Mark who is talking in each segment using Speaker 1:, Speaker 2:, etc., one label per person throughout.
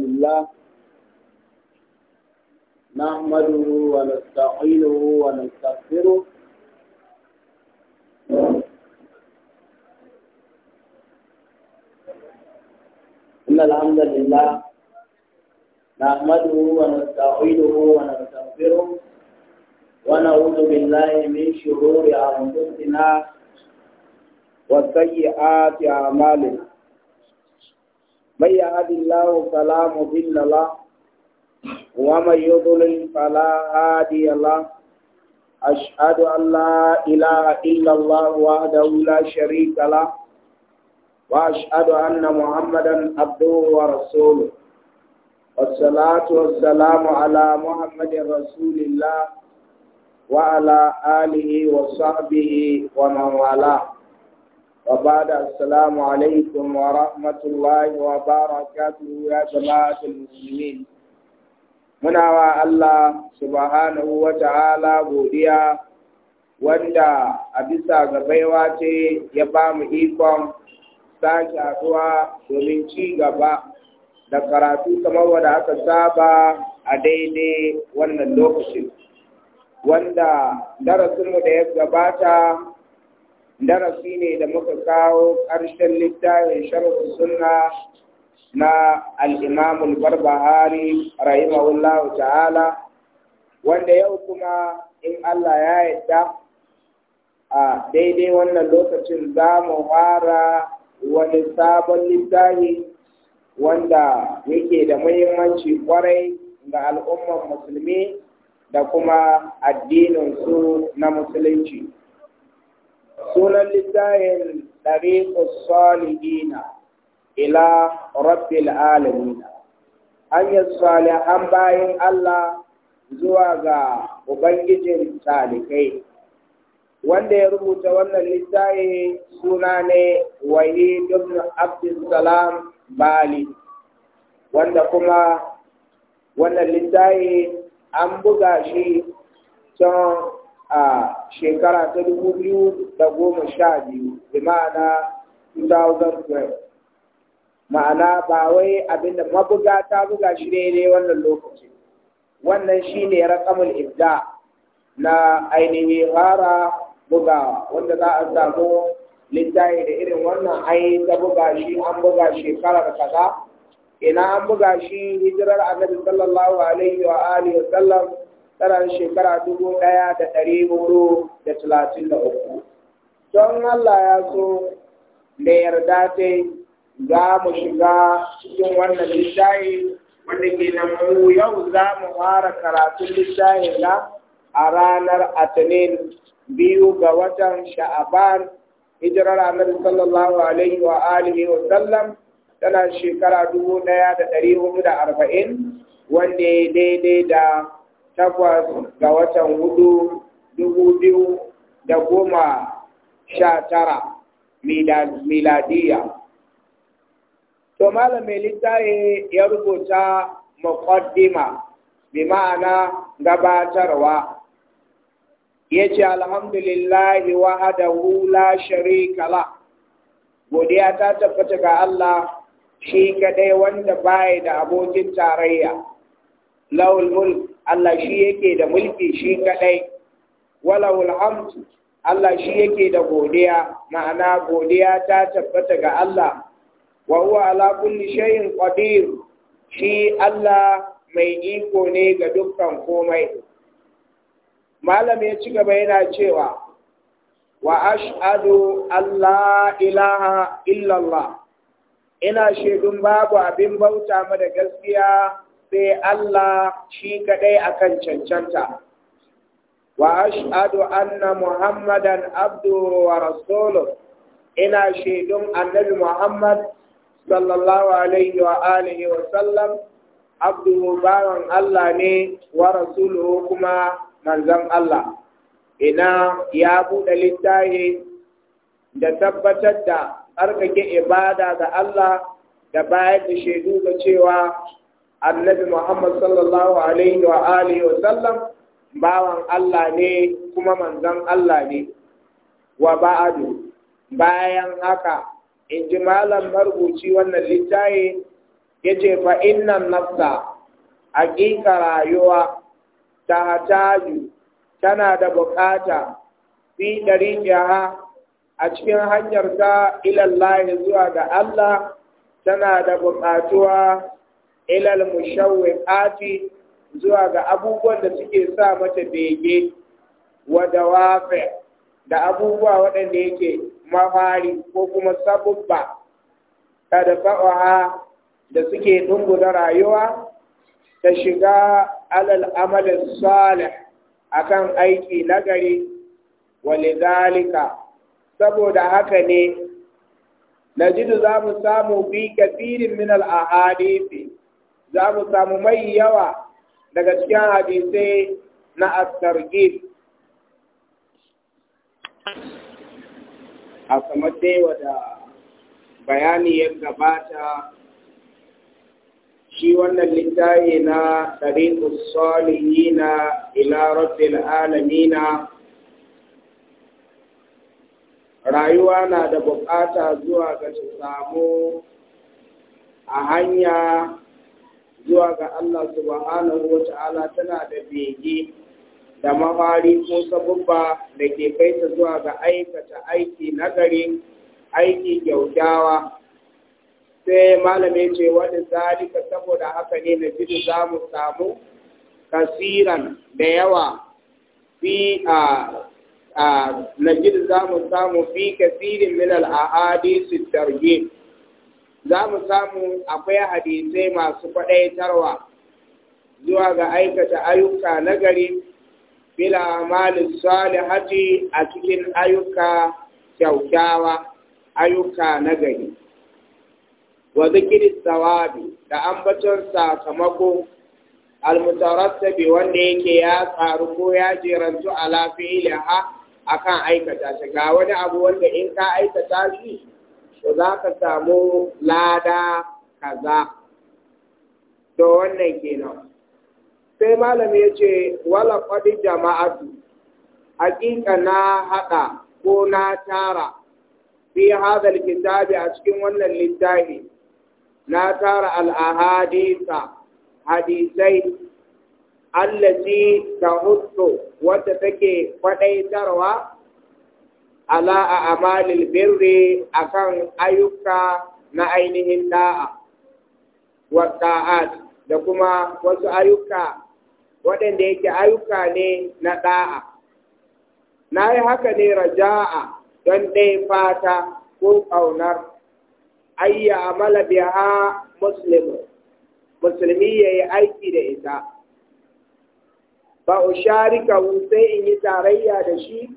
Speaker 1: لله نحمده ونستعينه ونستغفره إن الحمد لله نحمده ونستعينه ونستغفره ونعوذ بالله من شرور أنفسنا وسيئات أعمالنا من يهد الله فلا مضل له ومن يضلل فلا هادي له أشهد أن لا إله إلا الله وحده لا شريك له وأشهد أن محمدا عبده ورسوله والصلاة والسلام على محمد رسول الله وعلى آله وصحبه ومن والاه وبعد السلام عليكم ورحمة الله وبركاته يا جماعة المسلمين muna wa Allah subhanahu wa ta'ala godiya wanda a bisa ga baiwa ce ya ba mu ikon sake haɗuwa domin ci gaba da karatu kamar wanda aka saba a daidai wannan lokacin wanda darasinmu da ya gabata darasi ne da muka kawo ƙarshen littafin sharhu sunna na al-Imam al-Barbahari rahimahullahu ta'ala wanda yau kuma in Allah ya yarda a daidai wannan lokacin za mu fara wani sabon littafi wanda yake da muhimmanci kwarai ga al'ummar musulmi da kuma addinin su na musulunci. sunan littafin ɗariƙus salihina ila rabbil alamina hanyar salihan bayan Allah zuwa ga Ubangijin talikai wanda ya rubuta wannan littafi suna ne wahid ibn abdulsalam bali wanda kuma wannan littafi an buga shi can a shekara ta dubu biyu da goma sha biyu bi ma'ana 2012 ma'ana ba wai abinda mabuga ta buga shi daidai wannan lokaci wannan shi ne rakamul idda na ainihin fara bugawa wanda za a samu littafi da irin wannan ai ta buga shi an buga shekarar kaza ina an buga shi hijirar annabi sallallahu alaihi wa alihi wa sallam tana shekara dubu ɗaya da ɗari hudu da talatin da uku. Don Allah ya so da yarda ta za mu shiga cikin wannan lissahi wanda ke nan mu yau za mu fara karatun lissahi na a ranar Atanin biyu ga watan Sha'aban hijirar Annabi sallallahu alaihi wa alihi wa sallam tana shekara dubu ɗaya da ɗari hudu da arba'in wanda daidai da takwas ga watan hudu dubu biyu da goma sha tara miladiya. To malamin littaye ya rubuta muqaddima bi ma'ana gabatarwa. Ya ce alhamdulillahi wahadahu la sharika la. Godiya ta tabbata ga Allah shi kadai wanda baya da abokin tarayya. Laul mulk Allah shi yake da mulki shi kadai walawul hamd Allah shi yake da godiya ma'ana godiya ta tabbata ga Allah wa huwa ala kulli shay'in qadir shi Allah mai iko ne ga dukkan komai malam ya ci gaba yana cewa wa ashhadu Allah ilaha illallah ina shaidun babu abin bauta ma da gaskiya sai Allah shi kadai akan cancanta wa ashhadu anna muhammadan abdu wa ina shaidun annabi muhammad sallallahu alaihi wa alihi wa sallam abdu bawan Allah ne wa rasulu kuma manzan Allah ina ya buɗe littafi da tabbatar da tsarkake ibada ga Allah da bayar da shaidu ga cewa annabi Muhammad sallallahu alaihi wa alihi wa sallam bawan Allah ne kuma manzon Allah ne wa ba'adu bayan haka in ji malam marubuci wannan littaye yace fa innan nafsa haƙiƙa rayuwa ta hataju tana da buƙata fi ha, a cikin hanyarta ilallahi zuwa ga Allah tana da buƙatuwa ilal mushawwiqati zuwa ga abubuwan da suke sa mata bege wa dawafi da abubuwa waɗanda yake mafari ko kuma sabubba ta da fa'aha da suke da rayuwa ta shiga alal amalin a kan aiki nagari walidhalika saboda haka ne najidu za mu samu bi kafirin min al-ahadithi za mu samu mai yawa daga cikin hadisai na astargib a kamar da bayani ya gabata shi wannan littafi na tariqus salihina ila rabbil alamina rayuwa na da bukata zuwa ga su samu a hanya zuwa ga Allah subhanahu wa ta'ala tana da bege da mafari ko sabubba da ke kai ta zuwa ga aikata aiki nagari aiki kyautawa sai malamai ce wani zalika saboda haka ne na jidu za mu samu kasiran da yawa fi a na jidu za mu samu fi kasirin min al'ahadi su za mu samu akwai hadisai masu kwaɗaitarwa zuwa ga aikata ayyuka nagari bila amalin salihati a cikin ayyuka kyaukyawa ayyuka nagari wa zikirin tsawabi da ambaton sakamako almutarattabi wanda yake ya tsaru ko ya jerantu ala a akan aikata shi wani abu wanda in ka aikata shi to za ka samu lada kaza to wannan kenan sai malami ya ce wala jama'a jama'atu hakika na haɗa ko na tara fi hadal kitabi a cikin wannan littafi na tara al'ahadisa hadisai allati ta hutu wadda take tarwa. ala a amalil birri akan ayyuka na ainihin da'a wa ta'at da kuma wasu ayyuka waɗanda yake ayyuka ne na da'a na yi haka ne raja'a don ɗaya fata ko ƙaunar ayya amala biha muslimu musulmi ya yi aiki da ita ba usharika sai in yi tarayya da shi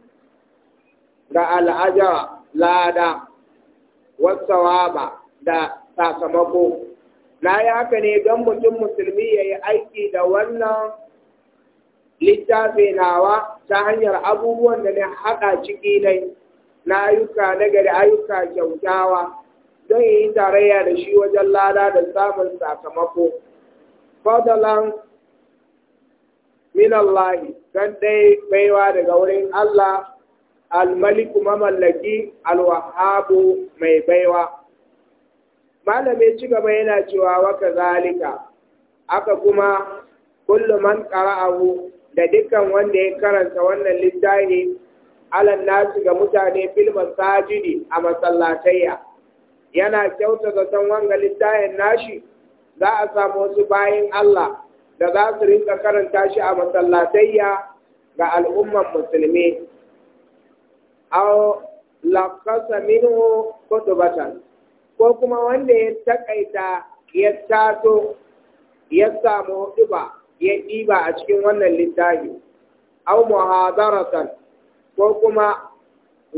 Speaker 1: da al'ajar lada wasawaba da sakamako na yi haka ne don mutum musulmi ya yi aiki da wannan littafi nawa ta hanyar abubuwan da na haɗa ciki ne na ayyuka na gari ayyuka kyautawa don yi tarayya da shi wajen lada da samun sakamako fadalan min Allah don ɗaya baiwa daga wurin Allah almaliku mamallaki alwahabu mai baiwa malamai ci gaba yana cewa waka zalika aka kuma kullum man qara'ahu da dukkan wanda ya karanta wannan littafi alan nasi ga mutane fil masajidi a masallatayya yana kyauta ga san wanga littafin nashi za a samu wasu bayin Allah da za su rinka karanta shi a masallatayya ga al'umman musulmi aw laqasa minhu kutubatan ko kuma wanda ya takaita ya tato ya samu ya ɗiba a cikin wannan littafi aw muhadaratan ko kuma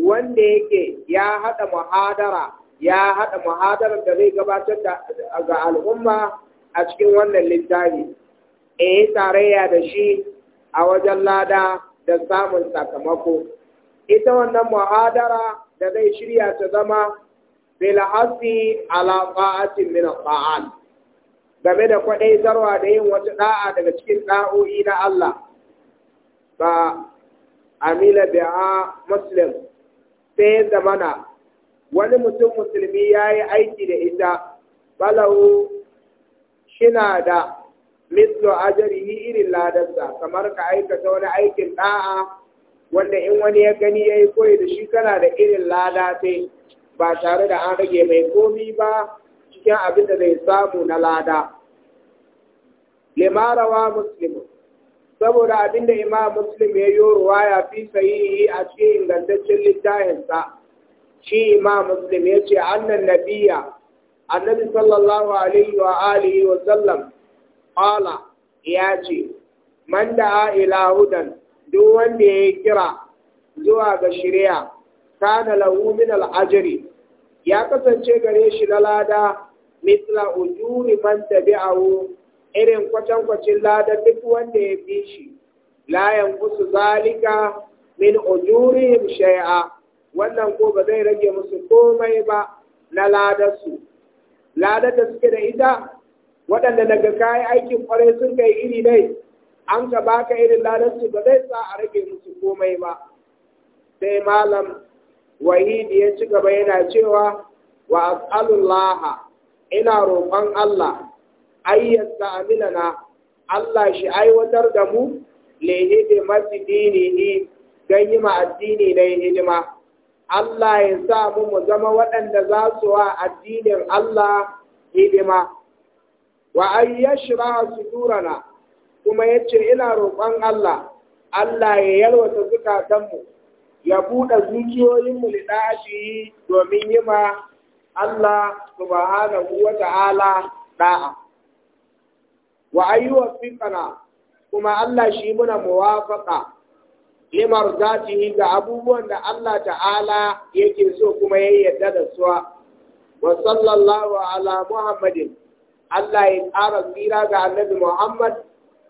Speaker 1: wanda yake ya haɗa muhadara ya haɗa muhadara da zai gabatar ga al'umma a cikin wannan littafi eh tarayya da shi a wajen lada da samun sakamako ita wannan muhadara da zai shirya ta zama bil hasi ala min ta'al game da kwadai zarwa da yin wata da'a daga cikin da'o'i na Allah ba amila bi'a muslim sai zamana wani mutum musulmi ya yi aiki da ita balahu shina da mislo ni irin ladarsa kamar ka aikata wani aikin da'a wanda in wani ya gani ya yi koyi da shi kana da irin lada sai ba tare da an rage mai komi ba cikin abin da zai samu na lada. Limarawa Muslim, saboda abin da Imam Muslim ya yi ruwaya fi yi a cikin ingantaccen littafinsa, shi Imam Muslim ya ce annan nabiya, annabi sallallahu alaihi wa alihi wa sallam, qala ya ce, man da'a ila hudan duk wanda ya kira zuwa ga shirya, kana lahu min al ya kasance gare shi na lada mithla ujuri man tabi'ahu irin kwacen-kwacen lada duk wanda ya bi shi layan yanqusu zalika min ujurihim shay'a wannan ko ba zai rage musu komai ba na ladarsu ladar da suke da ita waɗanda daga kayan aikin kwarai sun kai iri dai an ka baka irin ladansu ba zai sa a rage musu komai ba sai malam wahidi ya ci gaba yana cewa wa as'alullah ina roƙon Allah ayyata na. Allah shi aiwatar da mu masu dini ne don yi ma addini na hidima. Allah ya sa mu mu zama waɗanda za su wa addinin Allah hidima. Wa su tura na. kuma ya ce ina roƙon Allah Allah ya yalwata zukatanmu ya buɗe zuciyoyinmu liɗa'ashihi domin yi ma Allah subhanahu wa ta'ala da'a wa ayyuwa fiƙana kuma Allah shi muna muwafaƙa limar zatihi ga abubuwan da Allah ta'ala yake so kuma ya yarda da suwa. wa sallallahu ala muhammadin Allah ya ƙara tsira ga annabi Muhammad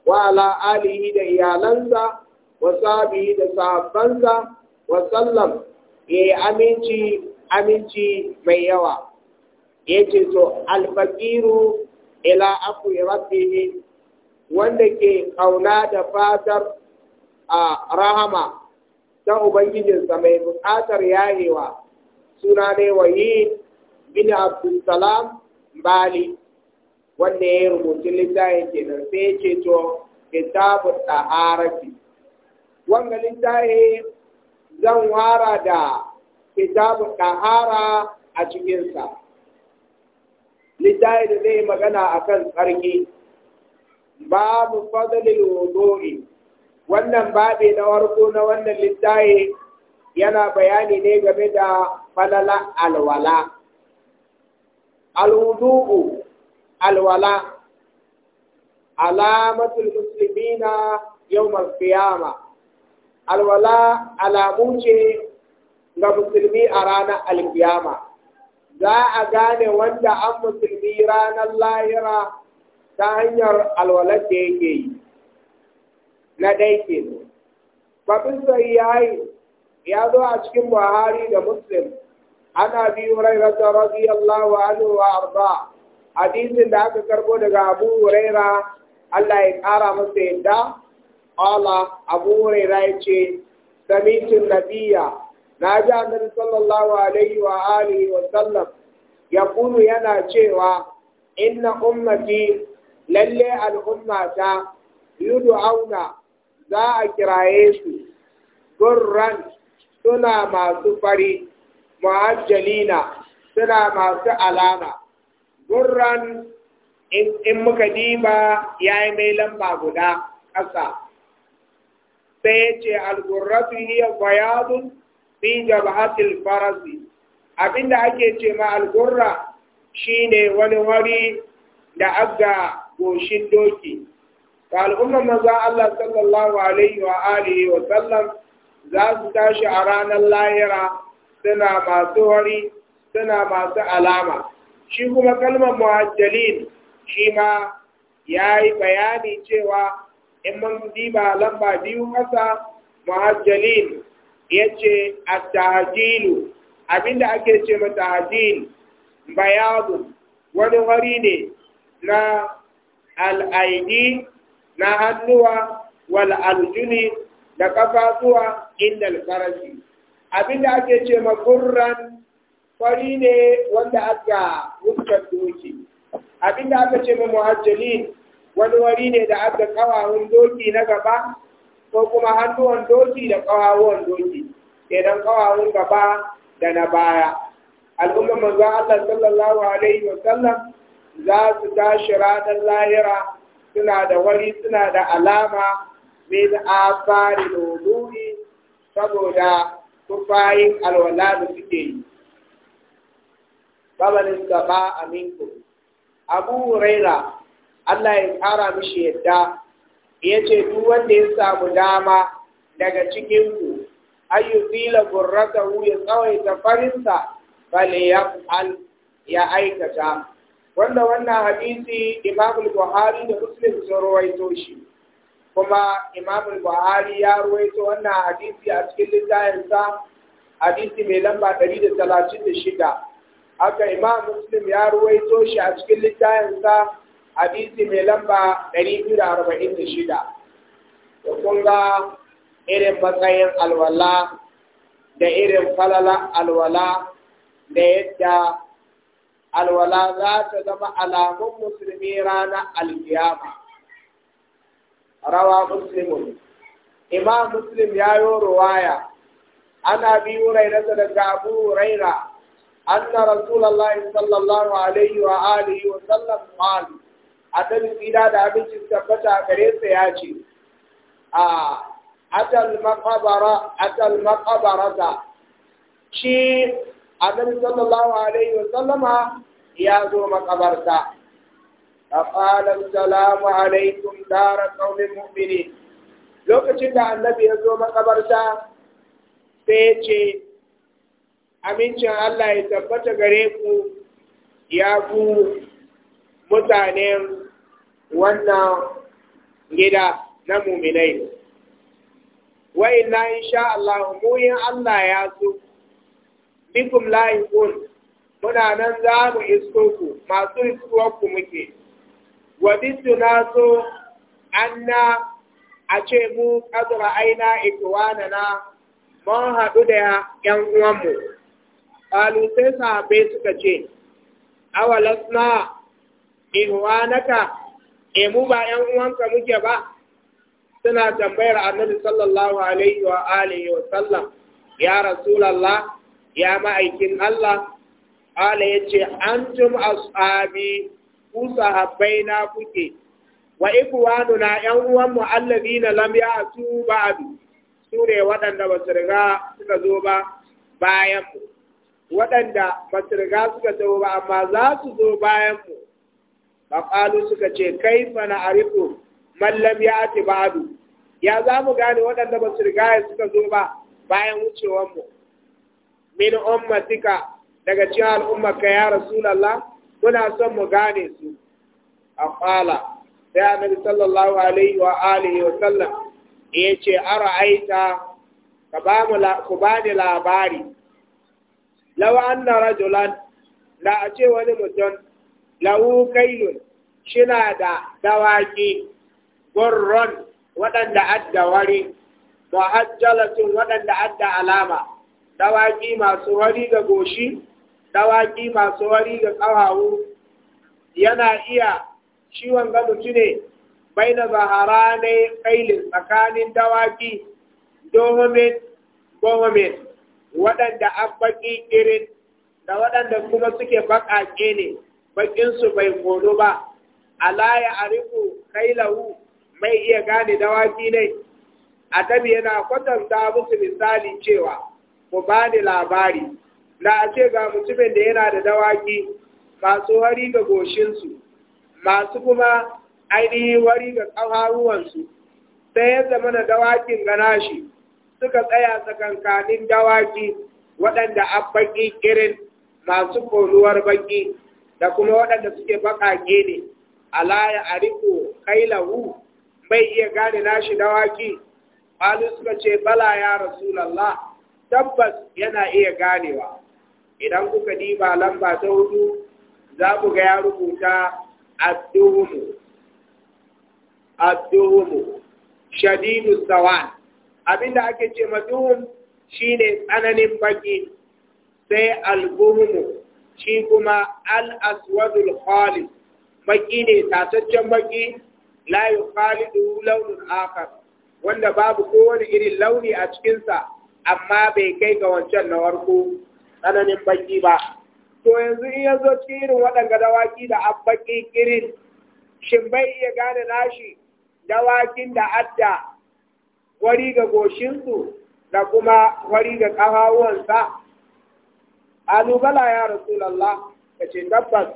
Speaker 1: wa ala alihi da iyalansa wa sahbihi da sahabbansa wa sallam yayi aminci aminci mai yawa yace to alfaqiru ila afu rabbih wanda ke ƙauna da fatar a rahama ta ubangijinsa mai buƙatar yayewa suna ne wahid bin abdulsalam bali wanda ya rubuci littafin kenan sai ya ce to kitabu taharati wanga littafin zan wara da kitabu tahara a cikinsa littafi da zai magana akan tsarki babu fadlil wudu'i wannan babi na warko na wannan littafi yana bayani ne game da falala alwala alwudu'u alwala alamatul muslimina yau qiyama alwala alamu ce ga musulmi a ranar alfiyama. za a gane wanda an musulmi ranar lahira ta hanyar alwala da yake yi na ɗai ke babin ya zo a cikin buhari da muslim ana biyu rai radiyallahu anhu wa arba hadisin da aka karbo daga Abu Huraira Allah ya ƙara masa yadda Allah Abu Huraira ya ce samitin nabiya na ji annabi sallallahu alaihi wa alihi wa sallam ya kulu yana cewa inna ummati lalle al'ummata yudu auna za a kiraye su gurran suna masu fari mu'ajjalina suna masu alama gurran in muka diba ya yi mai lamba guda ƙasa sai ya ce algurratu hiya bayadun fi jabhatil farasi abinda ake ce ma algurra shine wani wari da aga goshin doki ta al'ummar maza Allah sallallahu alaihi wa alihi wa sallam za su tashi a ranar lahira suna masu wari suna masu alama shi kuma kalmar muhajjalin shi ma ya yi bayani cewa in mun diba lamba biyu kasa muhajjalin ya ce tajilu abinda ake ce ma tajil bayadu wani wari ne na al'aidi na hannuwa wal aljuni da kafafuwa inda alfarasi abinda ake ce ma kurran fari ne wanda aka wuskar doki abinda aka ce mai muhajjalin wani wari ne da aka kawawun doki na gaba ko kuma hannuwan doki da kawawun doki idan kawawun gaba da na baya al'ummar manzo Allah sallallahu alaihi wa sallam za su tashi ranar lahira suna da wari suna da alama min afari luluri saboda tufayin alwala da suke yi faman istata'a aminku. Abu raira, Allah ya kara mishi yadda yace duk wanda ya samu dama daga cikin ku gurrata wuya ya ta farinsa bale ya al ya aikata wanda wannan hadisi Imam Buhari da Muslim sun rawaito shi kuma Imam Buhari ya rawaito wannan hadisi a cikin littafinsa hadisi mai lamba 136 aka imam muslim ya ruwaito shi a cikin sa hadisi mai lamba 246 da kun ga irin matsayin alwala da irin falala alwala da yadda alwala za ta zama alamun musulmi ranar alkiyama rawa muslim imam muslim ya yi ruwaya ana biyu rairata daga abu raira anna rasulullahi sallallahu alaihi wa alihi wa sallam qal da abincin tabbata gare sa ya ce a atal maqabara atal maqabarata sallallahu alaihi wa ya zo makabarta فقال السلام عليكم دار قوم المؤمنين لوكacin da annabi ya zo makabarta sai ce amincin Allah ya tabbata gare ku ya ku mutanen wannan gida na muminai. Wa inna insha Allah muyin Allah ya so, bikum lahikun muna nan za mu isko ku masu iskuwar ku muke. Wa na so anna a ce mu ƙazura aina ikwana na mun haɗu da ‘yan uwanmu. Kalu sai sahabai suka ce, Ihuwa naka? e mu ba ‘yan uwanka muke ba, suna tambayar annabi sallallahu alaihi wa wa sallam, ya Rasulallah, ya ma'aikin Allah, Ala ya ce, Antum ashabi ku sahabbai na kuke, wa ikwanu na ‘yan uwanmu allazi na lamya a su ba'adu, su ne waɗanda ba su riga suka zo ba bayan mu. waɗanda ba su riga suka taho ba amma za su zo bayan mu ƙalu suka ce kai mana a arifu mallam ya ati ba'adu ya za mu gane waɗanda ba su riga suka zo ba bayan wucewar mu min ummatika daga cikin ka ya rasulullah muna son mu gane su aqala sai annabi sallallahu alaihi wa alihi wa sallam ya ce ara aita ku ba ni labari lawa anna rajulan da a ce wani mutum lahu shi shina da dawaki gurron waɗanda adda wari muhajjalatun waɗanda adda alama dawaki masu wari ga goshi dawaki masu wari ga ƙawawu yana iya ciwon ga mutu ne bai na zahara ne kailin tsakanin dawaki domin domin waɗanda an baƙi irin da waɗanda kuma suke baƙaƙe ne baƙinsu bai kono ba a riƙo kai lahu mai iya gane dawaki ne tabi yana kwatanta musu misali cewa ku bani labari na a ce ga mutumin da yana da dawaki masu wari ga goshinsu masu kuma ainihin wari ga ƙafaruwansu sai ya mana na dawakin gana shi suka tsaya tsakankanin dawaki waɗanda abbaki irin masu koluwar baƙi da kuma waɗanda suke baƙaƙe ne alaya a riko kailahu bai iya gane nashi dawaki ƙwalu suka ce bala ya rasu lalla. tabbas yana iya ganewa idan kuka diba lamba ta hudu za mu ga ya rubuta adduhumu adduhumu shadidu sawan abinda ake ce maduhum shine tsananin baki sai al shi kuma al-aswadul khalid baki ne tasaccen baki la khalidu Launin akhar wanda babu kowane irin launi a cikinsa amma bai kai ga wancan na warko tsananin baki ba to yanzu in yazo cikin irin waɗanga dawaki da an baki kirin shin bai iya gane nashi dawakin da adda wari ga goshinsu da kuma wari ga ƙafafuwansa alubala ya rasulallah ka ce tabbas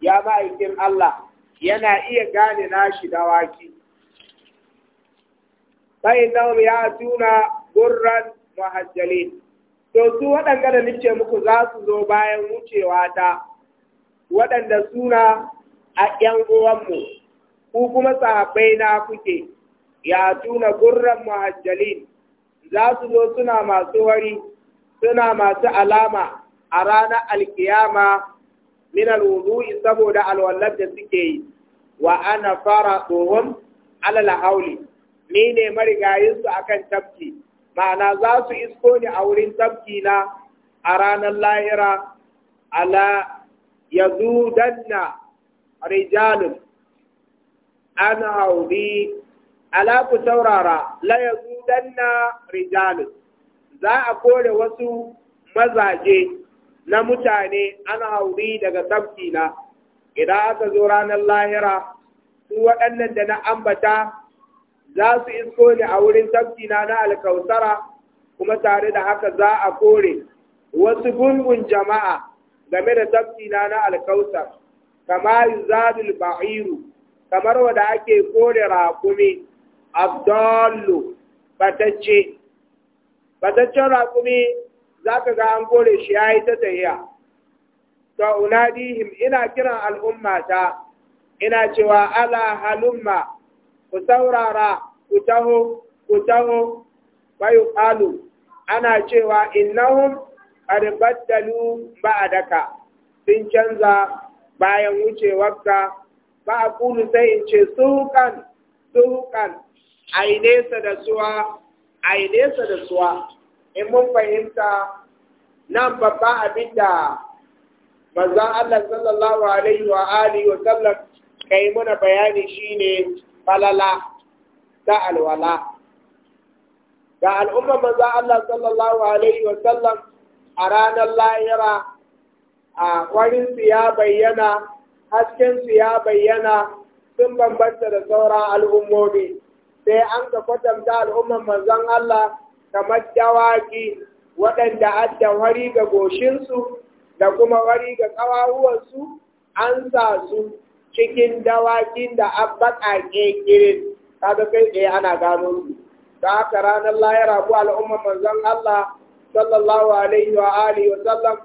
Speaker 1: ya ma'aikin Allah yana iya gane nashi da dawaki sai nan ya tuna gurran muhajjalin to su waɗanda da nice muku za su zo bayan wucewa ta waɗanda suna a ‘yan uwanmu, ku kuma sahabbai na kuke, ya tuna gurran muhajjalin za su zo suna masu wari suna masu alama a ranar alkiyama min alwudu'i saboda alwallar da suke yi wa ana fara tsohon alala hauli ni ne marigayinsu akan tafki ma'ana za su isko ni a wurin tafki na a ranar lahira ala yazudanna rijalun an hauli ala taurara, saurara la yazudanna za a kore wasu mazaje na mutane an hauri daga tafki na idan aka zo ranar lahira su waɗannan da na ambata za su isko ne a wurin sabki na na alkausara kuma tare da haka za a kore wasu gungun jama'a game da sabki na na alkausar Kamar zabil ba'iru kamar wada ake kore raƙumi abdallu batacce Fataccen raƙumi za ka ga an gore shi ya yi ta tahiya to unadihim ina kiran al'ummata ina cewa ala halumma ku saurara ku taho ku taho bayu alu ana cewa innahum qad baddalu ba'daka sun canza bayan wucewarka ba a kulu sai in ce suhukan suhukan a da suwa ainesa da suwa in mun fahimta nan babban abin da Allah sallallahu alaihi wa alihi wa sallam kai muna bayani shine falala ta alwala ga al'umma maza Allah sallallahu alaihi wa sallam a ranar lahira a su ya bayyana haskensu ya bayyana sun bambanta da sauran al'ummomi sai an ka kwatanta al'umman manzon Allah kamar dawaki waɗanda adda wari ga goshinsu da kuma wari ga ƙawahuwarsu an sa su cikin dawakin da an baƙa ƙirƙirin kaga kai tsaye ana gano su da haka ranar lahira ko al'umman manzon Allah sallallahu alaihi wa alihi wa sallam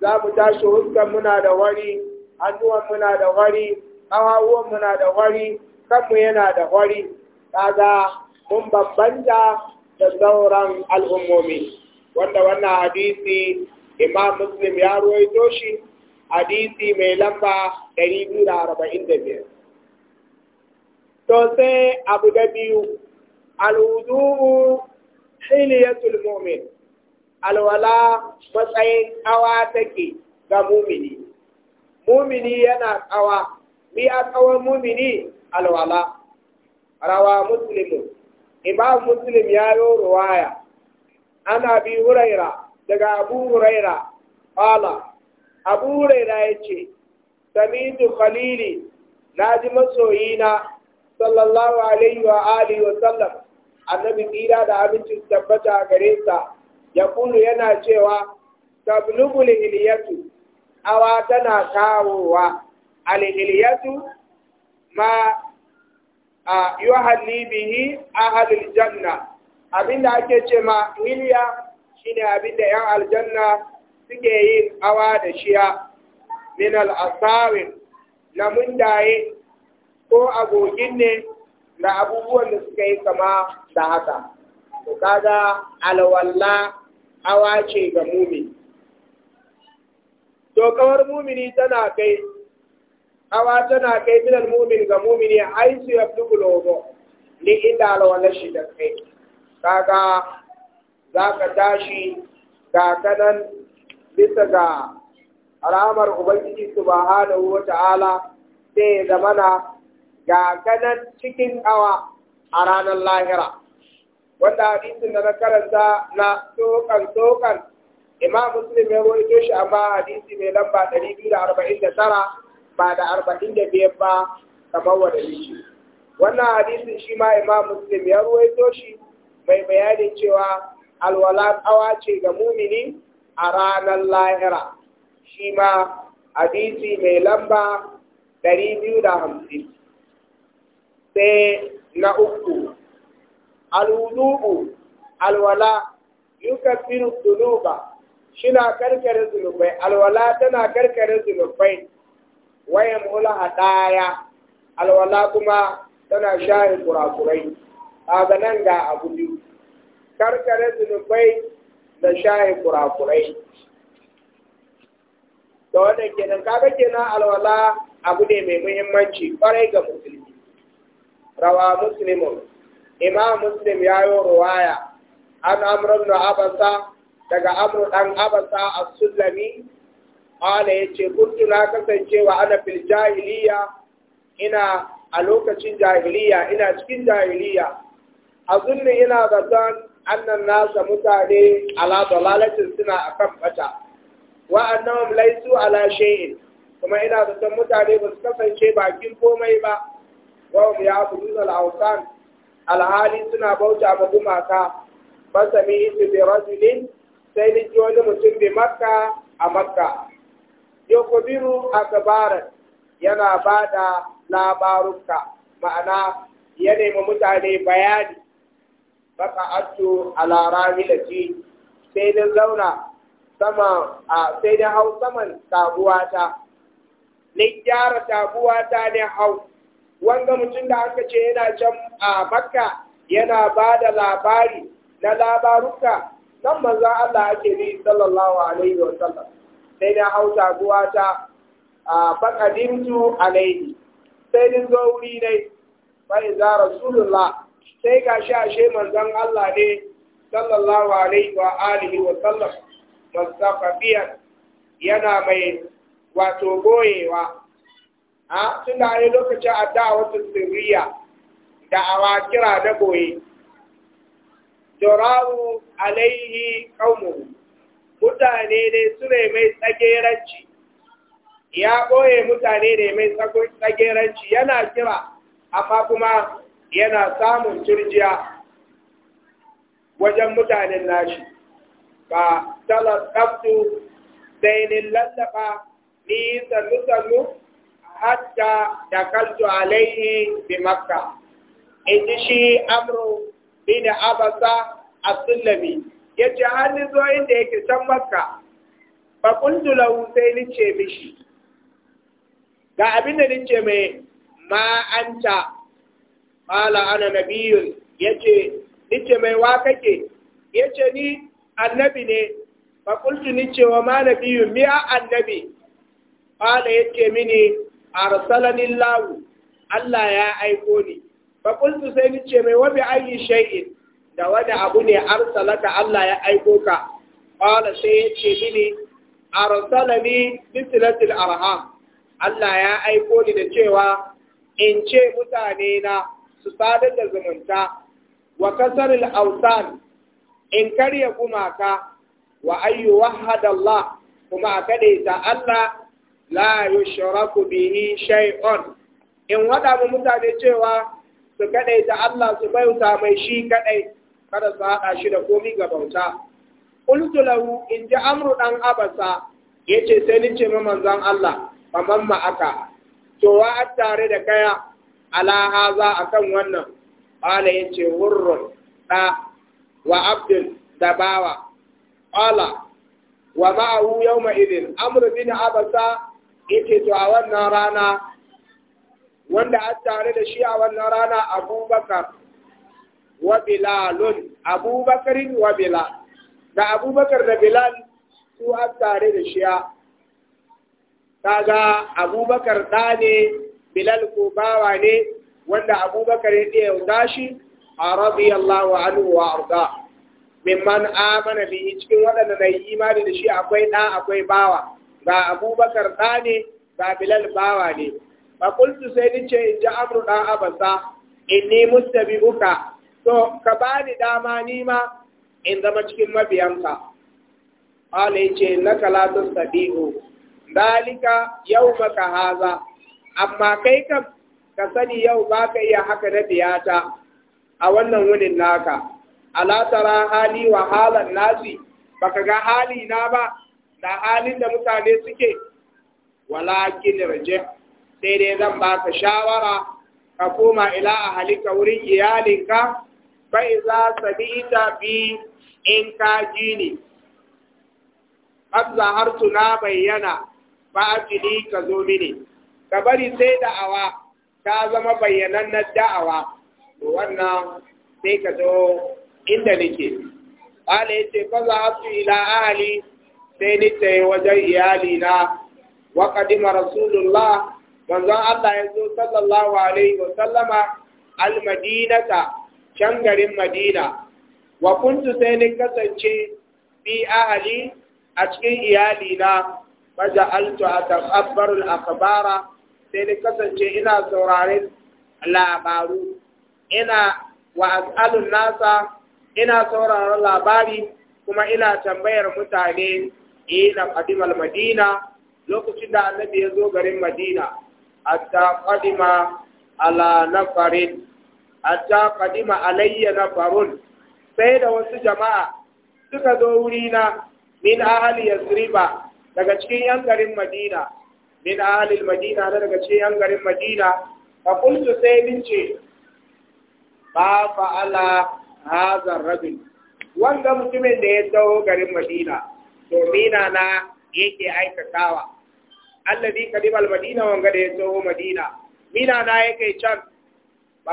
Speaker 1: za mu tashi huskan muna da wari hannuwan muna da wari ƙawahuwan muna da wari kanmu yana da wari kaga mun babbanta da sauran al'ummomi wanda wannan hadisi imam muslim ya ruwaito shi hadisi mai lamba 245 to sai abu da biyu alwudu hiliyatul mu'min alwala matsayin kawa take ga mumini mumini yana kawa ni a kawan mumini alwala rawa muslimu imam muslim ya yi ruwaya ana bi huraira daga abu huraira qala abu huraira yace samitu khalili na ji masoyina sallallahu alaihi wa alihi wa sallam annabi tsira da abincin tabbata gare sa ya kulu yana cewa tablugul iliyatu awa tana kawowa al ma a yuhalli bihi ahlul janna abinda ake ce ma miliya shine da yan aljanna suke yin awa da shiya min al’asawin na mundaye ko agogin ne da abubuwan da suka yi kama da haka to kaga alwalla awa ce ga mumini to kawar mumini tana kai hawa tana kai minal mumin ga mumini su ya fi gulobo ni inda alwala shi da kai kaga za ka tashi ga kanan bisa ga alamar ubangiji subhanahu wa ta'ala sai ya zamana ga kanan cikin awa a ranar lahira wanda hadisin da na karanta na tokan tokan imam muslim ya rawaito shi amma hadisi mai lamba 249 ba da arba'in da biyar ba kamar da shi. wannan hadisin shi ma imam muslim ya ruwaito shi mai bayani cewa alwala tsawa ce ga mumini a ranar lahira shi ma hadisi mai lamba ɗari biyu da hamsin sai na uku alwudu'u alwala yukaffiru shi na karkare zunubai alwala tana karkare zunubai wayan mula hadaya alwala kuma tana share kurakurai kaga nan ga abu biyu karkare zunubai da share kurakurai da wanda kenan kaga kenan alwala abu ne mai muhimmanci kwarai ga musulmi rawa muslimun imam muslim ya yi ruwaya an amrun na abasa daga amru dan abasa as-sulami kala ya ce, Kuntu na kasancewa ana fil jahiliya, ina a lokacin jahiliya, ina cikin jahiliya. A zunni ina da zaton annan nasa mutane ala dalalatin suna a kan bata. Wa annahum laisu ala shay'in. Kuma ina da zaton mutane ba su kasance bakin komai ba. Wa hum ya'budun al-awsan. Alhali suna bauta ma gumaka. Fasami bi rajulin sai ni ji wani mutum bai makka a makka yukhbiru akbaran yana bada labaruka ma'ana ya nemi mutane bayani baka attu ala rahilati sai da zauna sama a sai da hau saman tabuwata. ne gyara tabuwata ne hau wanga mutum da aka ce yana can a makka yana ba da labari na labaruka nan manzon Allah ake ni, sallallahu alaihi wa sallam sai na hau taguwa ta a a alaihi sai ni zo wuri ne bai za rasulullah sai ga shi a ashe manzon Allah ne sallallahu alaihi wa alihi wa sallam mustaqabiyan yana mai wato goyewa a tun da ayi lokacin a wasu sirriya da awa kira da goye jorawu alaihi qaumuhu mutane ne su mai tsageranci ya ɓoye mutane ne mai tsageranci yana kira amma kuma yana samun turjiya wajen mutanen nashi ba talakaftu dainin lallaba ni sannu-sannu hatta da kaltu alaihi bi makka in ji shi bi da abasa a sullami ya ce hannun zo inda yake can makka ba kuntu lahu sai ni ce mishi ga abin da ni ce mai ma anta qala ana nabiyun ce, ni ce mai wa kake ce ni annabi ne ba kundu ni ce wa ma nabiyun mi annabi ya ce mini arsalani allah Allah ya aiko ni ba kundu sai ni ce mai wa bi ayi shay'in da wani abu ne arsalaka Allah ya aiko ka qala sai ya ce mini ni mitilatil arham Allah ya aiko ni da cewa in ce mutane na su sadar da zumunta wa kasaril awsan in karya gumaka wa ayyu wahadallah kuma a kadaita Allah la yushraku bihi shay'un in waɗa mu mutane cewa su kadaita Allah su bauta mai shi kaɗai. kada su haɗa shi da komi ga bauta qultu lahu in ji amru dan abasa Ya ce sai ni ce ma zan Allah mamma ma'aka to wa tare da kaya ala haza kan wannan ya ce wurin ɗa wa abdul da bawa qala wa ma'ahu yau idin amru bin abasa ya ce to a wannan rana wanda a tare da shi a wannan rana abubakar wa bilalun Abubakar wa bilal da abubakar da bilal su an tare da shiya kaga abubakar da ne bilal ko bawa ne wanda abubakar ya ɗaya yauta shi a radiyallahu anhu wa arda man amana bihi cikin waɗanda na yi imani da shi akwai da akwai bawa Da abubakar da ne ga bilal bawa ne fa qultu sai ni ce in ji amru ɗan abasa inni mustabi'uka to ka bani dama ni ma in zama cikin mabiyanka ala yace na kalatu sabihu dalika yawmaka haza amma kai kam ka sani yau baka iya haka na biyata a wannan wunin naka ala tara hali wa halan nasi baka ga hali na ba da halin da mutane suke walakin raje sai dai zan baka shawara ka koma ila ahalika wurin iyalinka bai iza sabita bi in ka ji ni abza har na bayyana ba ajili ka zo mini ka bari sai da'awa ta zama na da'awa wannan sai ka zo inda nike. ƙwale ya ce za su yi la'ali. sai ni ta yi wajen iyali na wa kadima rasulullah manzon Allah ya zo sallallahu alaihi wa sallama almadinata can garin Madina, wa kuntu sai ni kasance bi ahali a cikin iyali baja altu a tabbarul akabara, sai ni kasance ina sauraren labaru, ina wa nasa, ina sauraron labari, kuma ina tambayar mutane ina qadimal madina lokacin da annabi ya zo garin madina hatta qadima ala nafarin hatta kadima alayya na Farun sai da wasu jama'a suka zo wurina min ahli yasriba daga cikin yan garin madina min ahli madina da daga cikin yan garin madina fa kuntu sai min ce ba fa ala hadha rajul wanda mutumin da ya dawo garin madina to mina na yake aikatawa alladhi kadima al madina wanga da ya dawo madina mina na yake can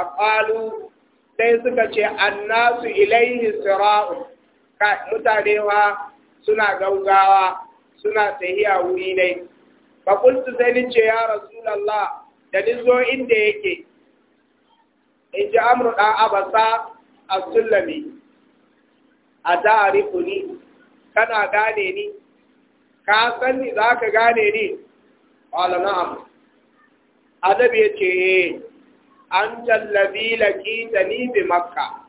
Speaker 1: faƙalu sai suka ce annasu ilaihi sira'un ka mutane wa suna gaugawa suna tahiya wuri dai faƙultu sai ni ce ya rasulallah da ni zo inda yake in ji amru ɗan abasa a sulami a ta'arifu ni kana gane ni ka san ni za ka gane ni ƙwala na'am annabi ya ce eh. an jallabi da ni bi makka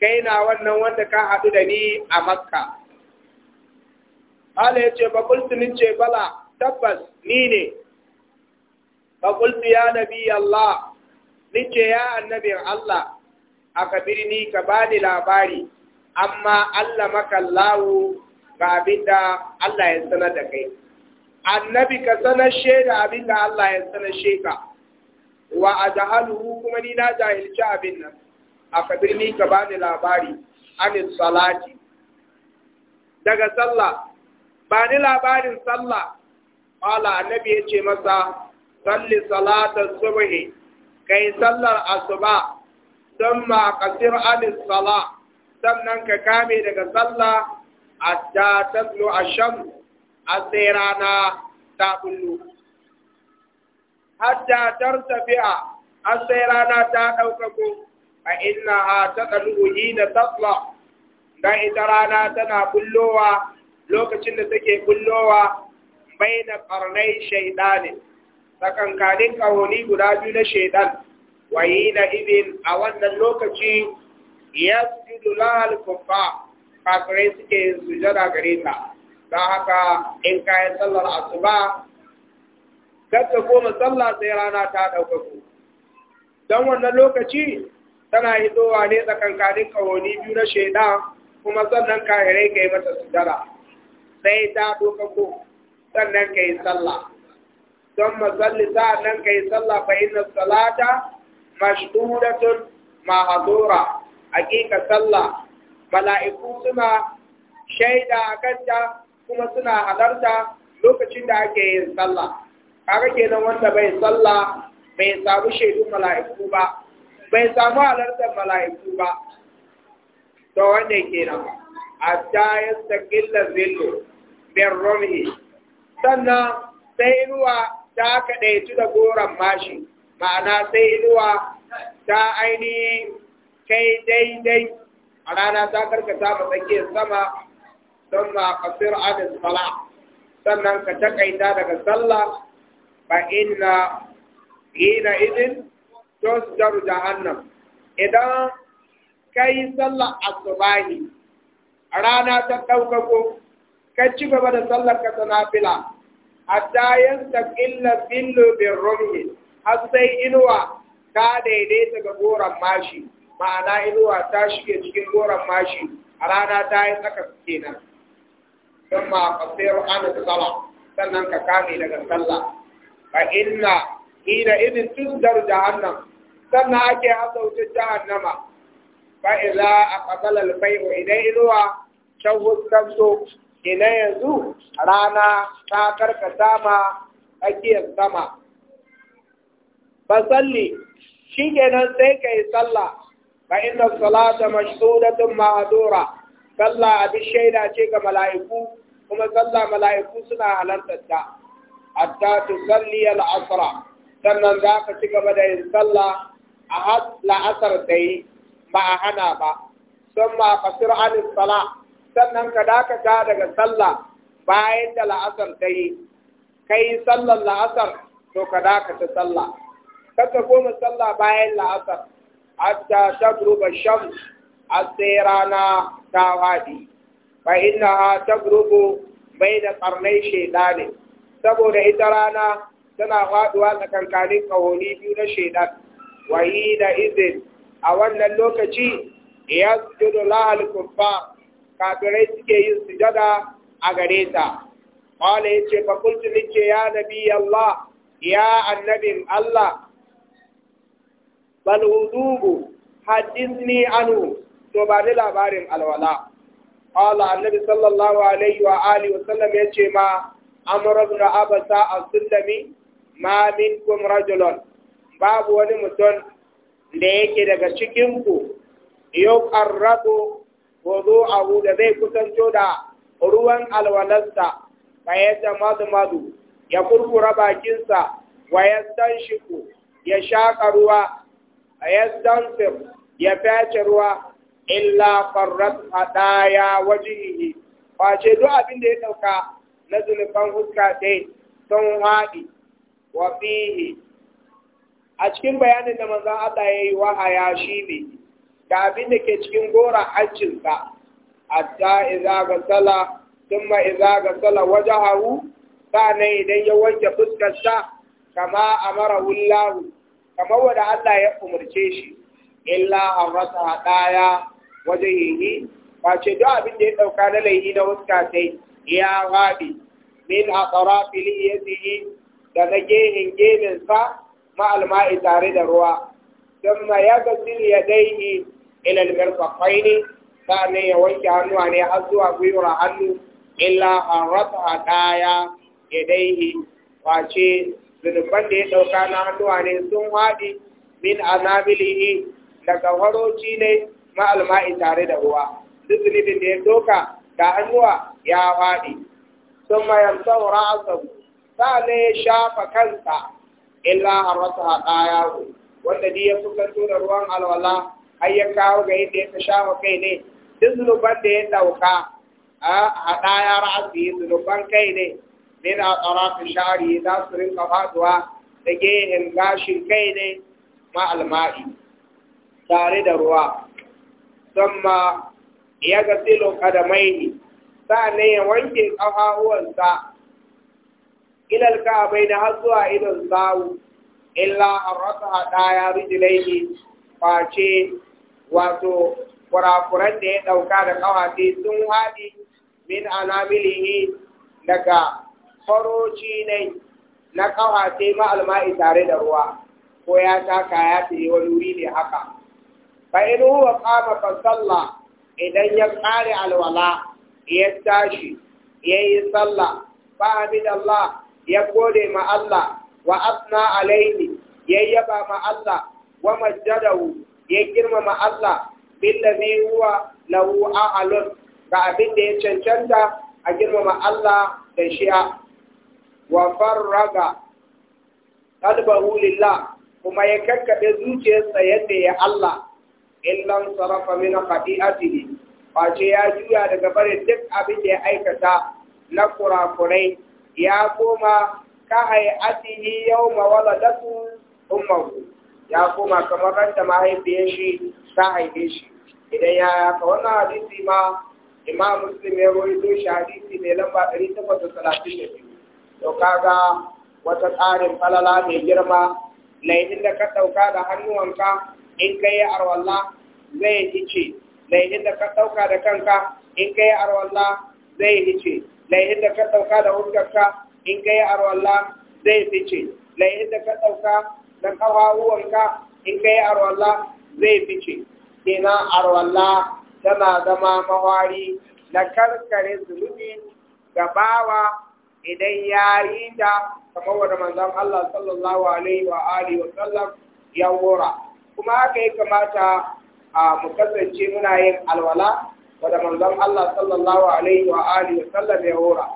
Speaker 1: kai na wannan wanda ka hadu da ni a makka ala yace ce ba ni ce bala tabbas ni ne ba kultu ya nabi Allah ni ce ya annabi Allah aka birni ka bani labari amma Allah maka lawu ga abinda Allah ya sanar da kai annabi ka sanar shaida abinda Allah ya sanar sheka. wa ajhaluhu kuma ni na jahilci abin nan akabirni ka bani labari anin salati daga sallah ni labarin sallah qala annabi yace masa salli salatar subhi kai sallar asuba don ma kasir anin sala sannan ka kame daga sallah a ta tatlo a shan a sai ta bullo hatta tartafi'a an sai rana ta ɗaukaku a inna ha ta ɗalu'uyi da tatla don ita rana tana bullowa lokacin da take bullowa bai da ƙarnai shaiɗani tsakankanin ƙahoni guda biyu na shaiɗan wayi na ibin a wannan lokaci ya sujudu lahal kufa kafirai suke sujada gare ta don haka in kayan sallar asuba kar koma sallah sai rana ta ɗaukaku don wannan lokaci tana hitowa ne tsakankanin kawoni biyu na shaida kuma sannan kahirai ka yi mata sujada sai ta ɗaukako sannan ka yi sallah don masalli sa'annan ka yi sallah fa inna salata mashhudatun mahazora hakika sallah mala'iku suna shaida a kanta kuma suna halarta lokacin da ake yin sallah kaga kenan wanda bai sallah bai samu shaidu mala'iku ba bai samu halartar mala'iku ba to wanda kenan hatta yastaqilla zillu bin rumhi sannan sai ruwa ta kadaitu da goron mashi ma'ana sai ruwa ta ainihi kai daidai a rana ta karkata ma tsakiyar sama don ma kasir adin sala sannan ka takaita daga sallah فإن حينئذ تصدر جهنم إذا كي صلى الصباح رانا تتوقف كتشف بدا صلى كتنافلا حتى يستقل الظل بالرمه حتى إنوى ta daidaita ga goron mashi ma'ana inuwa ta shiga cikin goron mashi a rana ta yi tsaka kenan don ma fasairu sannan ka kame daga sallah fa inna ina idin tusdar jahannam sannan ake hasa wuce jahannama fa idza aqbala al-bay'u idan ilwa shawhu samso ina yanzu rana ta karkata ma tsakiyar sama fasalli nan sai kai sallah fa inna salata mashhudatun ma'dura sallah abin shaida ce ga mala'iku kuma sallah mala'iku suna halartar ta hatta tusalli al sannan za ka ci gaba da yin sallah a had la'asar da yi ba a hana ba sun ma fasir anis sala sannan ka dakata daga sallah bayan da la'asar da yi ka yi sallar la'asar to ka dakata sallah ka ta goma sallah bayan la'asar hatta tagruba shams a sai rana ta wadi fa innaha tagrubu bai da karnai saboda ita rana tana faduwa tsakankanin kahoni biyu na shaidan wahi da izin a wannan lokaci ya sujudu lahal kubba kafirai suke yin sujada a gare ta Wala ya ce qultu nike ya nabi allah ya annabin allah bal wudubu hadithni anu to ba ni labarin alwala qala annabi sallallahu alaihi wa alihi wa sallam ce ma amr ibn abasa as-sulami ma minkum rajulun babu wani mutum da yake daga cikin ku yuqarrabu wudu'ahu da zai kusanto da ruwan alwalarsa fa yadda madu ya kurkura bakinsa wa yastanshiku ya shaƙa ruwa a yastansir ya fece ruwa illa farrat hadaya wajihi face duk abin da ya ɗauka na zunuban huska ɗaya sun waɗi wa fihi a cikin bayanin da manzon Allah ya yi wahaya shi ne da abin da ke cikin gora hajjinsa hatta iza ga sala thumma iza ga sala wajahu ne idan ya wanke fuskarsa kama amara wallahu kamar wanda Allah ya umarce shi illa harrata hadaya wajahihi ba ce duk abin da ya dauka na laifi na huska sai ya waɗi min a tsara fili ya na daga gehin sa, ma'alma'i tare da ruwa don ma ya gasil ya daihi ilal mirfafai ne sa'an ya wanke hannuwa ne har zuwa gwiwar hannu Ila an rasa a ɗaya ya daihi kwace zunuban da ya ɗauka na hannuwa ne sun waɗi min anabilihi daga waroci ne ma'alma'i tare da ruwa duk zunubin da ya ɗauka da hannuwa ya faɗi sun mayan saura asabu ta ne ya shafa kansa illa a rasa haɗaya ku wanda ni ya fuskanto tura ruwan alwala har ya kawo ga yadda ya shafa kai ne duk zunuban da ya ɗauka a rasu yi, zunuban kai ne min a ta shari za su rinka faduwa da gehen gashin kai ne ma'alma'i tare da ruwa. Samma ya ga silo kadamai ne sa'annan ya wanke ƙafafuwansa ilal bai da har zuwa idon sawu illa haɗa ya rijlaihi face wato kurakuran da ya ɗauka da ƙawace sun haɗi min anamilihi daga faroci nai na ƙawace ma alma'i tare da ruwa ko ya taka ya tsaye wani wuri ne haka Ba inu wa qama fasalla idan ya ƙare alwala ya tashi ya yi sallah fa Allah, ya gode ma Allah wa asna alaihi ya yaba ma Allah wa majadawu ya girmama Allah billazi huwa lahu a'lun ga abin da ya cancanta a girmama Allah da shi'a wa farraga qalbahu lillah kuma ya kakkabe zuciyarsa yadda ya Allah illan sarafa min qati'atihi face ya juya daga barin duk abin da ya aikata na kurakurai ya koma ka hayatihi yawma waladatu ummuhu ya koma kamar ranta mahaifiyar shi ta haife shi idan ya yaka wannan hadisi ma imam muslim ya rawaito shi hadisi mai lamba 832 to kaga wata tsarin falala mai girma laifin da ka ɗauka da hannuwanka in ka yi zai ci laihin da ka ɗauka da kanka in ka yi arwalla zai hice laihin da ka ɗauka da hujjarka in ka yi arwalla zai fice laihin da ka ɗauka da ƙafafuwanka in ka yi arwalla zai fice kenan arwalla tana zama mawari na karkare zunubi ga bawa idan ya yi kamar wanda manzan Allah sallallahu alaihi wa alihi wa sallam ya wura kuma haka ya kamata a mu kasance muna yin alwala wadda manzon Allah sallallahu alaihi wa alihi wa sallam ya hora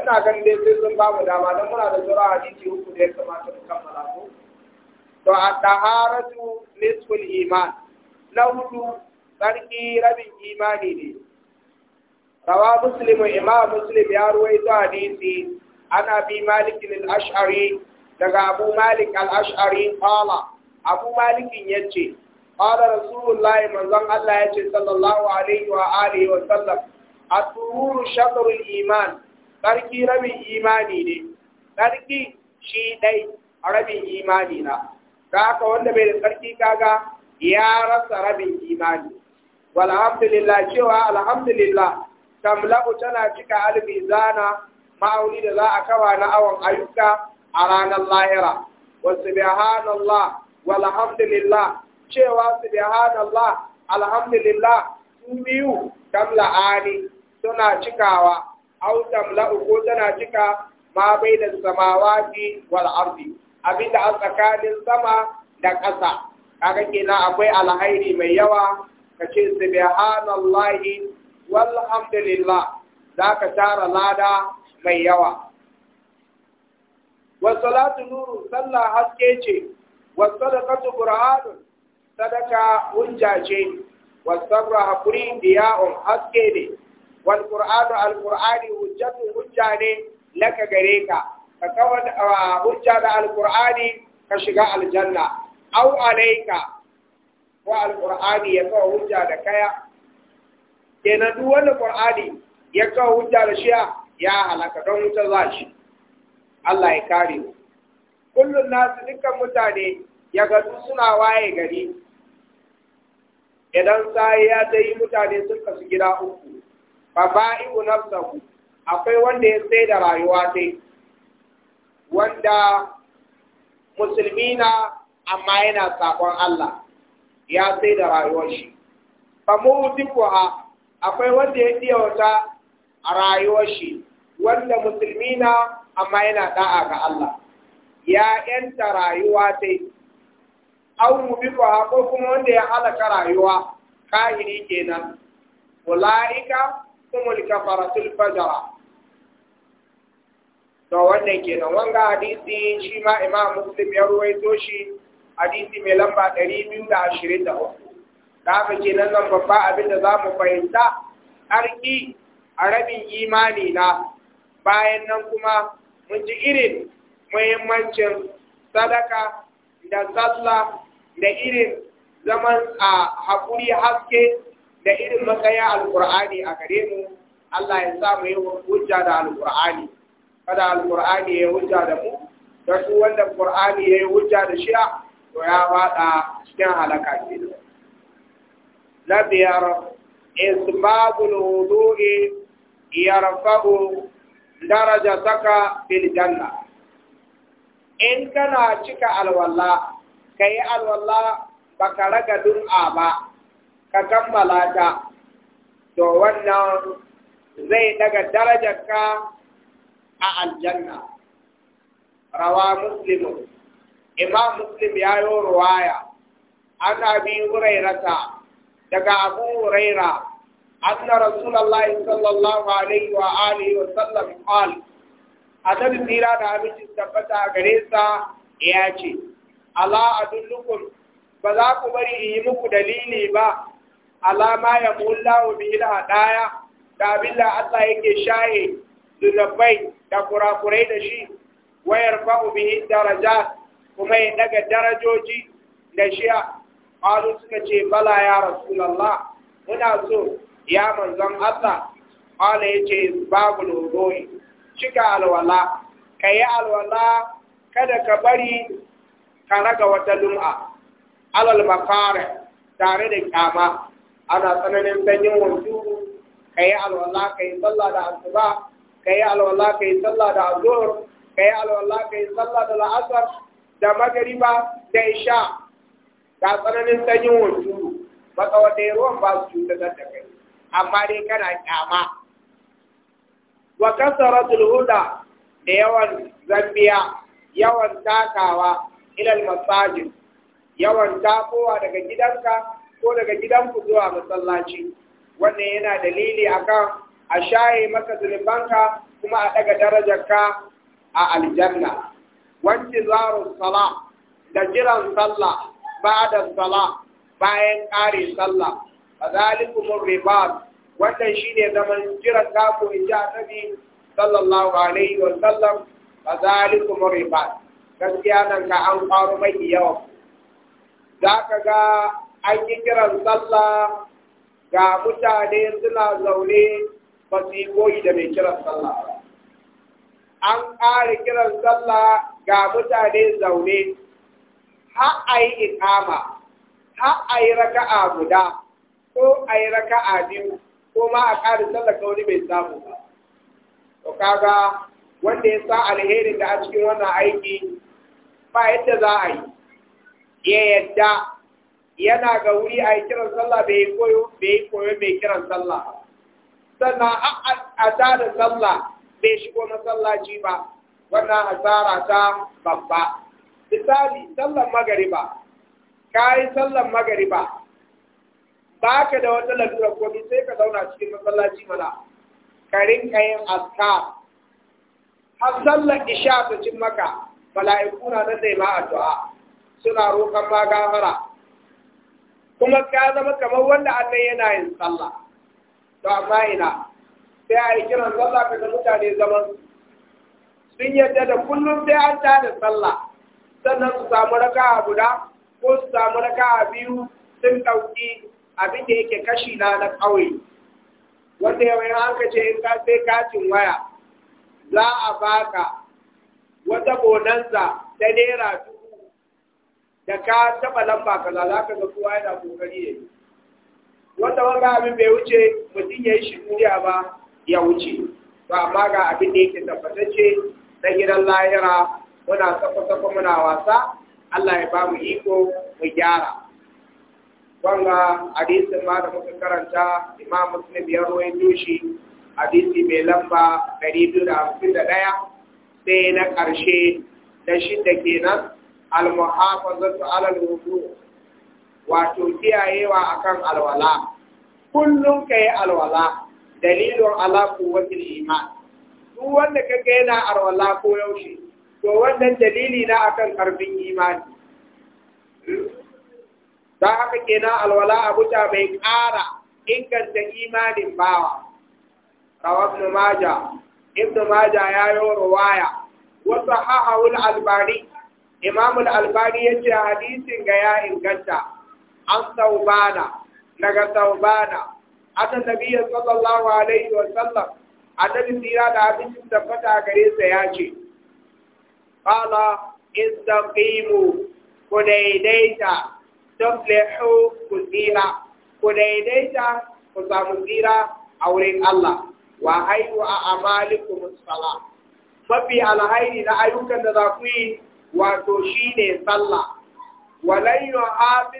Speaker 1: ina ganin dai sai sun bamu dama don muna da sura hadisi uku da ya kamata mu kammala ko to at-taharatu nisful iman na hudu sarki rabin imani ne rawa muslimu imam muslim ya ruwaito hadisi ana bi malik al-ash'ari daga abu malik al-ash'ari qala abu malik yace qala rasulullahi manzon Allah ya ce sallallahu alaihi wa alihi wa sallam at-tuhuru iman tsarki rabin imani ne tsarki shi dai rabin imani na da haka wanda bai da tsarki kaga ya rasa rabin imani walhamdulillah cewa alhamdulillah tamla'u tana cika almizana ma'auni da za a kawa na awon ayyuka a ranar lahira wa subhanallah walhamdulillah cewa Allah, alhamdulillah su biyu ani suna cikawa au tamla'u ko tana cika ma bai da samawati wal ardi abinda a tsakanin sama da ƙasa kaga na akwai alhairi mai yawa ka ce su kace Allah walhamdulillah ka tara lada mai yawa Wasu latin nuru sallah haske ce da sadaqatu qur'anun sadaka hujja ce wasarra hakuri on haske ne wal qur'anu al qur'ani hujjatu hujja ne laka gare ka ka kawar hujja da al qur'ani ka shiga aljanna au alaika ko al qur'ani ya kawo hujja da kaya kenan duk wanda qur'ani ya kawo hujja da shi ya halaka don wuta za shi Allah ya kare mu kullun nasu dukkan mutane ya ga suna waye gari idan sai ya ta yi mutane sun kasu gida uku fa ba'i'u nafsahu akwai wanda ya sai da rayuwa dai wanda musulmi na amma yana sakon Allah ya sai da rayuwar shi fa ha, akwai wanda ya diya wata rayuwar shi wanda musulmi na amma yana da'a ga Allah ya yanta rayuwa dai aw mubiqaha ko kuma wanda ya halaka rayuwa kahiri kenan ulaika humul kafaratul fajara to wannan kenan wanga hadisi shi ma imam muslim ya ruwaito shi hadisi mai lamba 223 da haka kenan nan babba abin da za mu fahimta arki a rabin imani na bayan nan kuma mun ji irin muhimmancin sadaka da sallah da irin zaman a haƙuri haske da irin makaya alƙur'ani a gare mu Allah ya sa mu yi hujja da alƙur'ani kada alƙur'ani ya hujja da mu da su wanda ƙur'ani ya hujja da shi to ya faɗa cikin halaka ce na biyar isbabul wudu'i yarfa'u darajataka fil janna in kana cika alwala ka yi alwala ba ka raga dum'a ba ka kammala ta to wannan zai daga darajarka a aljanna rawa muslimu imam muslim ya yi ruwaya Ana abi hurairata daga abu huraira anna rasulullahi sallallahu alaihi wa alihi wa sallam Al. annabi tsira da aminci tabbata gare sa ya ce ala adullukum ba za ku bari in yi muku dalili ba alama ya wa bihi hadaya da abin da Allah yake shaye zunubai da kurakurai da shi wayar fa'u bihi daraja kuma ya daga darajoji da shi a. qalu suka ce bala ya rasulullah muna so ya manzon Allah qala yake babu lodoi cika alwala kayi alwala kada ka bari karaga wata lum'a alal makare tare da kyama ana tsananin sanyin wanzu ka yi alwala ka yi sallah da asuba ka yi alwala ka yi sallah da azur ka yi alwala ka yi sallah da la'asar da magariba da isha ga tsananin sanyin wanzu yi ruwan ba su cutar da kai amma dai kana kyama wa kasaratul huda da yawan zambiya yawan takawa ilal masajid yawan tafowa daga gidanka ko daga gidanku zuwa masallaci wannan yana dalili akan a shaye maka zunubanka kuma a daga darajarka a aljanna wanti zaru sala da jiran salla ba'da sala bayan ƙare salla fadhalikumur ribat wannan shine zaman jiran taku ji annabi sallallahu alaihi wa sallam fadhalikumur ribat gaskiya nan ka an faru mai yawa za ka ga an yi kiran sallah ga mutane suna zaune ba su yi koyi da mai kiran sallah an ƙara kiran sallah ga mutane zaune ha a yi ikama ha a yi raka'a guda ko a yi raka'a biyu ko ma a ƙara sallah ka wani bai samu ba to kaga wanda ya sa alherin da a cikin wannan aiki ba yadda za a yi ya yadda yana ga wuri a yi kiran sallah bai koyo koyo mai kiran sallah sannan a da sallah bai shigo masallaci ba wannan asara ta babba misali sallan magariba ka yi sallan magariba ba ka da wata lalura ko sai ka zauna cikin masallaci mana ka rinka yin aska har sallar isha ta cin maka mala'iku na zai ne ma suna roƙon ma gafara kuma ka zama kamar wanda annan yana yin sallah to amma ina sai a yi kiran sallah mutane zaman sun yadda da kullum sai an ta da sallah sannan su samu raka'a guda ko su samu raka'a biyu sun ɗauki abin da yake kashi na na ƙauye wanda yawai an ka ce in ka sai katin waya za a baka wata bonanza ta naira dubu da ka taɓa lamba kaza za ka ga kowa yana kokari ne wata wanga abin bai wuce mutum ya yi shi duniya ba ya wuce to amma ga abin da yake tabbatacce na gidan lahira muna safa muna wasa Allah ya ba mu iko mu gyara wanga hadisin ma da muka karanta imam muslim ya Dushi, shi hadisi mai lamba 251 sai na ƙarshe da shi da ke kenan al-muhafazatu alal wudu wato kiyayewa kan alwala kullum ka yi alwala dalilin ala quwwatil iman duk wanda kaga yana alwala ko yaushe to wannan dalili na akan karfin imani don haka kenan alwala a buta bai ƙara inganta imanin bawa rawar numaja ibn majah ya yi ruwaya wasu hahawul albani imamul albani ya ce hadisin ga ya inganta an saubana daga saubana an nabiya sallallahu alaihi wa sallam annabi tsira da abincin tabbata gare sa ya ce qala istaqimu ku daidaita tuflihu ku tsira ku daidaita ku samu tsira a wurin Allah wa haihu a amalikum sala mafi alhairi na ayyukan da za ku yi wato shine sallah walan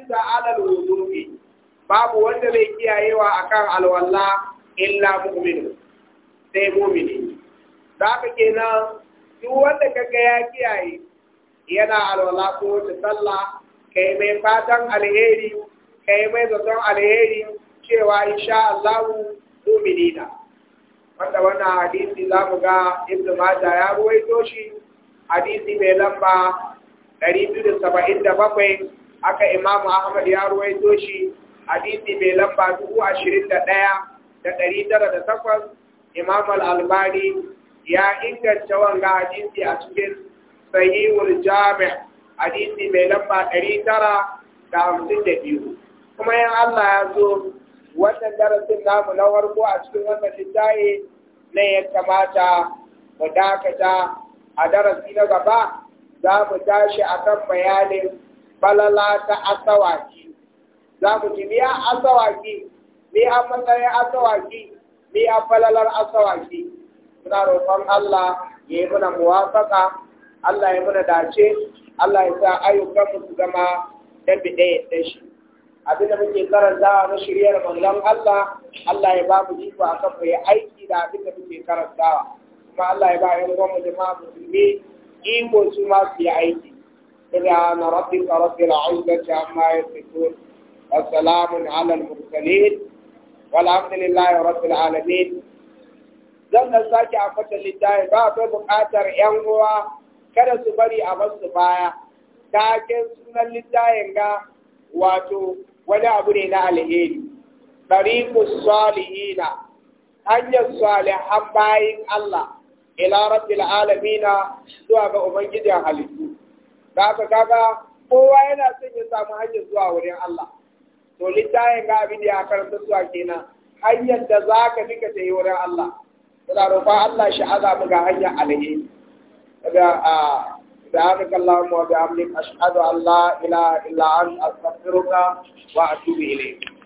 Speaker 1: da ala alwudu'i babu wanda zai kiyayewa a kan alwala illa mu'minu sai mu'mini ka kenan duk wanda kaga ya kiyaye yana alwala ko ta sallah kai mai fatan alheri kai mai zaton alheri cewa insha Allah mu'minina wanda wani hadisi za mu ga ibn mata ya ruwaito shi hadisi mai lamba 277 aka Imam Ahmad ya ruwaito shi hadisi mai lamba 21908 Imam Al-Albani ya inganta wanga hadisi a cikin Sahihul jami'a hadisi mai lamba 952 kuma yin Allah ya zo wannan darasin namu na warko a cikin wannan littafi ne ya kamata mu dakata a darasi na gaba za mu tashi a kan bayanin balala ta asawaki za mu ji miya asawaki ni an matsayin asawaki ni an falalar asawaki Suna roƙon Allah ya yi muna muwafaka Allah ya muna dace Allah ya sa ayyukan mu su gama dabi ɗaya da shi abinda muke karantawa na shiryar manzon Allah Allah ya ba mu jiko akan mu yi aiki da abin da muke karantawa kuma Allah ya ba yan gwamnati jama'a musulmi iko su ma su yi aiki سبحان ربك رب da عما يصفون وسلام على المرسلين والحمد لله رب العالمين zan da sake a fata littafi ba akwai buƙatar ‘yan uwa kada su bari a basu baya taken sunan littafin ga wato wani abu ne na alheri ɗariƙus salihina hanyar salihan bayin Allah ila rabbil alamina zuwa ga ubangijin halittu da haka kaga kowa yana son ya samu hanyar zuwa wurin Allah to littafin ga abin da ya karanta zuwa kenan hanyar da za ka bi ka tafi wurin Allah muna roƙon Allah shi azabu ga hanyar alheri daga a سبحانك اللهم وبحمدك أشهد أن لا إله إلا أنت wa وأتوب إليك